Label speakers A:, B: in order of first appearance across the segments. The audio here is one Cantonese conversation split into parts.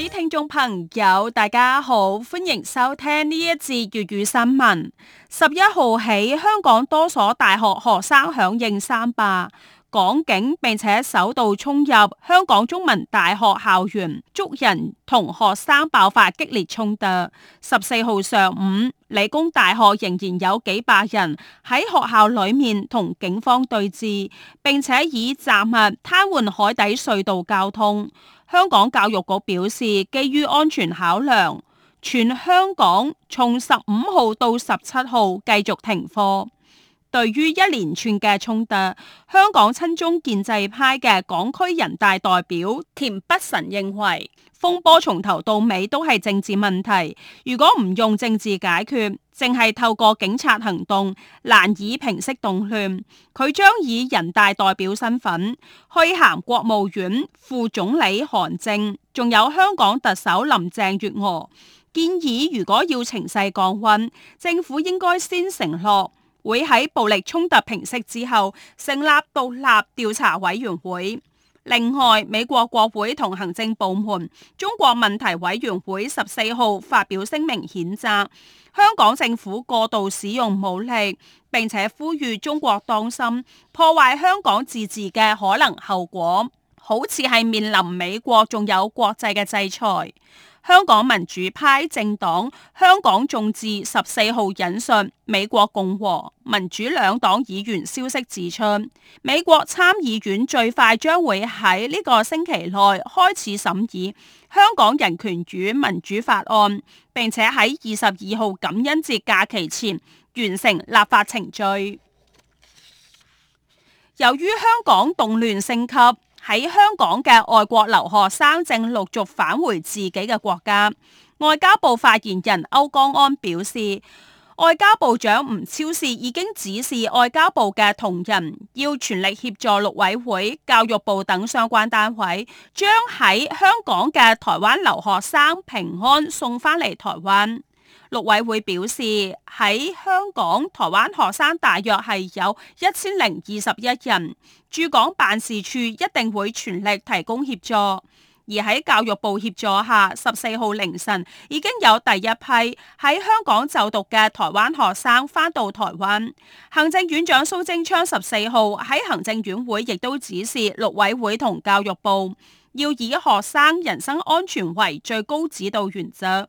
A: 各位聽眾朋友，大家好，歡迎收聽呢一節粵語新聞。十一號起，香港多所大學學生響應三罷，港警並且首度衝入香港中文大學校園，捉人同學生爆發激烈衝突。十四號上午，理工大學仍然有幾百人喺學校裏面同警方對峙，並且以雜物癱瘓海底隧道交通。香港教育局表示，基於安全考量，全香港從十五號到十七號繼續停課。對於一連串嘅衝突，香港親中建制派嘅港區人大代表田北辰認為，風波從頭到尾都係政治問題。如果唔用政治解決，淨係透過警察行動，難以平息動亂。佢將以人大代表身份去函國務院副總理韓正，仲有香港特首林鄭月娥建議，如果要情勢降溫，政府應該先承諾。會喺暴力衝突平息之後成立獨立調查委員會。另外，美國國會同行政部門中國問題委員會十四號發表聲明譴責，香港政府過度使用武力，並且呼籲中國當心破壞香港自治嘅可能後果。好似係面臨美國仲有國際嘅制裁。香港民主派政黨香港眾志十四號引述美國共和民主兩黨議員消息指出，美國參議院最快將會喺呢個星期內開始審議香港人權與民主法案，並且喺二十二號感恩節假期前完成立法程序。由於香港動亂升級。喺香港嘅外國留學生正陸續返回自己嘅國家。外交部發言人歐江安表示，外交部長吳釗燮已經指示外交部嘅同仁要全力協助陸委會、教育部等相關單位，將喺香港嘅台灣留學生平安送返嚟台灣。陸委會表示，喺香港台灣學生大約係有一千零二十一人，駐港辦事處一定會全力提供協助。而喺教育部協助下，十四號凌晨已經有第一批喺香港就讀嘅台灣學生返到台灣。行政院長蘇貞昌十四號喺行政院會亦都指示陸委會同教育部要以學生人身安全為最高指導原則。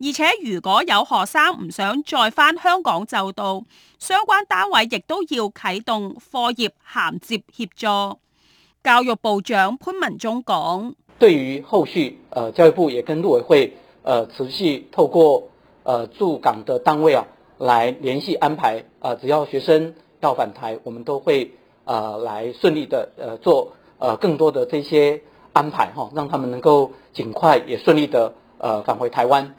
A: 而且如果有學生唔想再返香港就讀，相關單位亦都要啟動課業銜接協助。教育部長潘文忠講：，對於後續，教育部也跟陸委會，持續透過誒駐港的單位啊，來聯繫安排。啊，只要學生要返台，我們都會啊，來順利的，做更多的這些安排，哈，讓他們能夠盡快也順利的，返回台灣。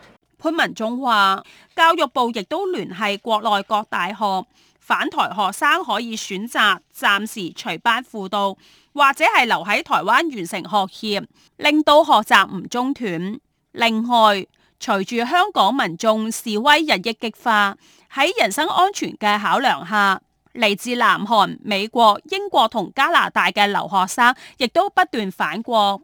A: 潘文忠話：教育部亦都聯繫國內各大學，返台學生可以選擇暫時隨班輔導，或者係留喺台灣完成學業，令到學習唔中斷。另外，隨住香港民眾示威日益激化，喺人身安全嘅考量下，嚟自南韓、美國、英國同加拿大嘅留學生亦都不斷返國。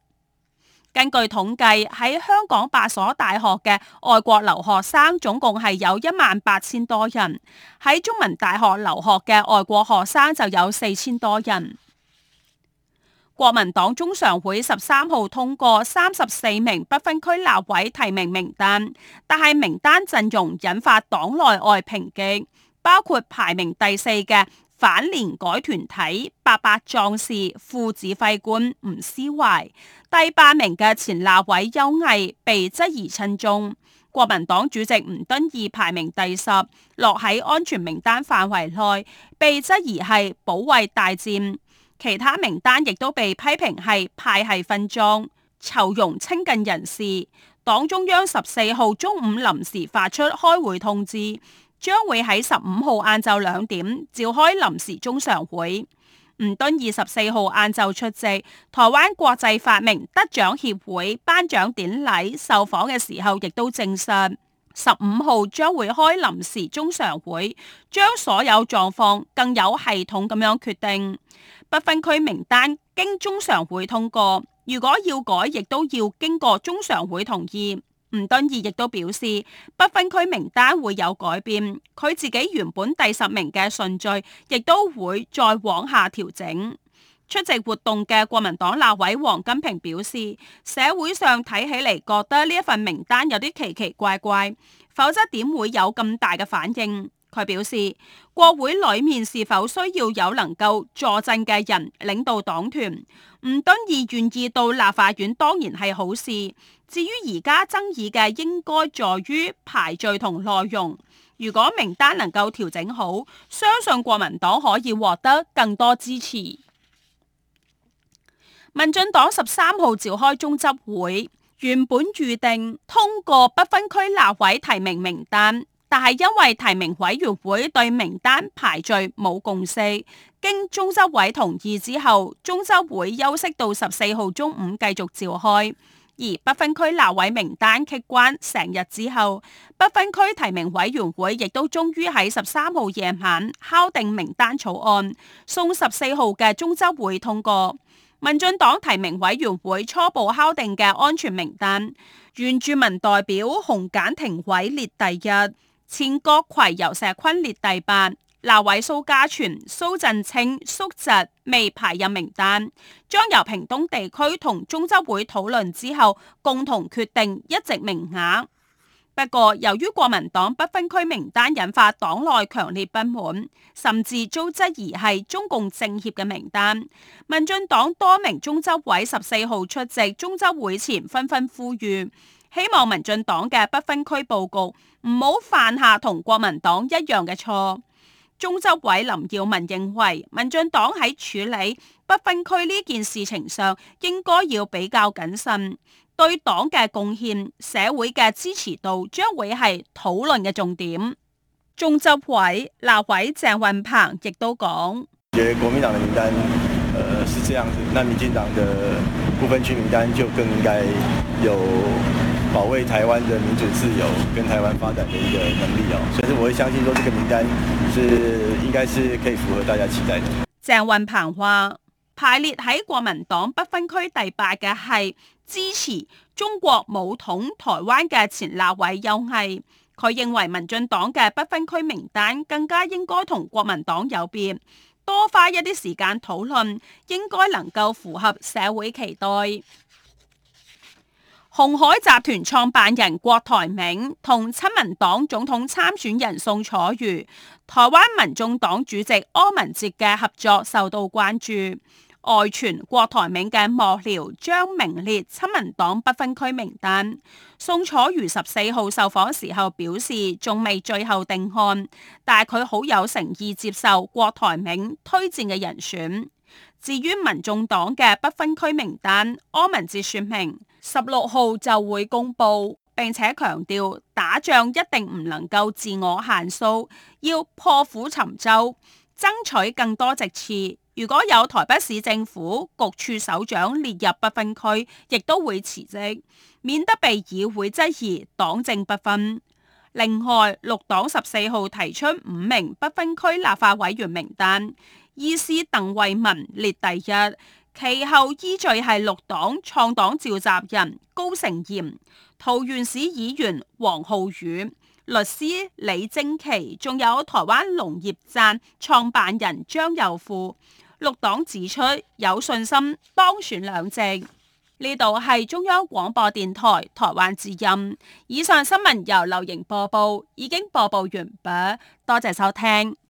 A: 根據統計，喺香港八所大學嘅外國留學生總共係有一萬八千多人，喺中文大學留學嘅外國學生就有四千多人。國民黨中常會十三號通過三十四名不分區立委提名名單，但係名單陣容引發黨內外抨擊，包括排名第四嘅。反年改團體八百壯士副指揮官吳斯懷，第八名嘅前立委邱毅被質疑親中，國民黨主席吳敦義排名第十，落喺安全名單範圍內，被質疑係保衛大戰，其他名單亦都被批評係派系分贓、酬庸親近人士。黨中央十四號中午臨時發出開會通知。將會喺十五號晏晝兩點召開臨時中常會。吳敦義二十四號晏晝出席台灣國際發明得獎協會頒獎典禮受訪嘅時候，亦都證實十五號將會開臨時中常會，將所有狀況更有系統咁樣決定。不分區名單經中常會通過，如果要改，亦都要經過中常會同意。吳敦義亦都表示，不分區名單會有改變，佢自己原本第十名嘅順序亦都會再往下調整。出席活動嘅國民黨立委黃金平表示，社會上睇起嚟覺得呢一份名單有啲奇奇怪怪，否則點會有咁大嘅反應？佢表示，國會裏面是否需要有能夠助陣嘅人，領導黨團？吳敦義願意到立法院當然係好事。至於而家爭議嘅應該在於排序同內容。如果名單能夠調整好，相信國民黨可以獲得更多支持。民進黨十三號召開中執會，原本預定通過不分區立委提名名單，但係因為提名委員會對名單排序冇共識，經中執委同意之後，中執會休息到十四號中午繼續召開。而不分區立委名單決關成日之後，不分區提名委員會亦都終於喺十三號夜晚敲定名單草案，送十四號嘅中執會通過。民進黨提名委員會初步敲定嘅安全名單，原住民代表洪簡庭位列第一，錢國葵由石坤列第八。那位蘇家全、蘇振清叔侄未排入名單，將由屏東地區同中執會討論之後共同決定一席名額。不過，由於國民黨不分區名單引發黨內強烈不滿，甚至遭質疑係中共政協嘅名單。民進黨多名中執委十四號出席中執會前紛紛呼籲，希望民進黨嘅不分區報告唔好犯下同國民黨一樣嘅錯。中執委林耀文認為，民進黨喺處理不分區呢件事情上，應該要比較謹慎。對黨嘅貢獻、社會嘅支持度，將會係討論嘅重點。中執委立委鄭運鵬亦都講：國民黨嘅名單，呃，是這樣子，那民進黨的不分區名單就更應該有。保衛台灣嘅民主自由跟台灣發展嘅一個能力哦，所以我會相信說這個名單是應該是可以符合大家期待的。鄭運鵬話，排列喺國民黨不分區第八嘅係支持中國武統台灣嘅前立委邱毅係。佢認為民進黨嘅不分區名單更加應該同國民黨有別，多花一啲時間討論，應該能夠符合社會期待。鴻海集團創辦人郭台銘同親民黨總統參選人宋楚瑜、台灣民眾黨主席柯文哲嘅合作受到關注。外傳郭台銘嘅幕僚將名列親民黨不分區名單。宋楚瑜十四號受訪時候表示，仲未最後定案，但係佢好有誠意接受郭台銘推薦嘅人選。至於民眾黨嘅不分區名單，柯文哲說明十六號就會公布，並且強調打仗一定唔能夠自我限數，要破釜沉舟，爭取更多席次。如果有台北市政府局處首長列入不分區，亦都會辭職，免得被議會質疑黨政不分。另外，綠黨十四號提出五名不分區立法委員名單。醫師鄧惠文列第一，其後依序係綠黨創黨召集人高成炎、桃園市議員王浩宇、律師李正琪，仲有台灣農業站創辦人張佑富。綠黨指出有信心當選兩席。呢度係中央廣播電台台灣之音，以上新聞由劉瑩播報，已經播報完畢，多謝收聽。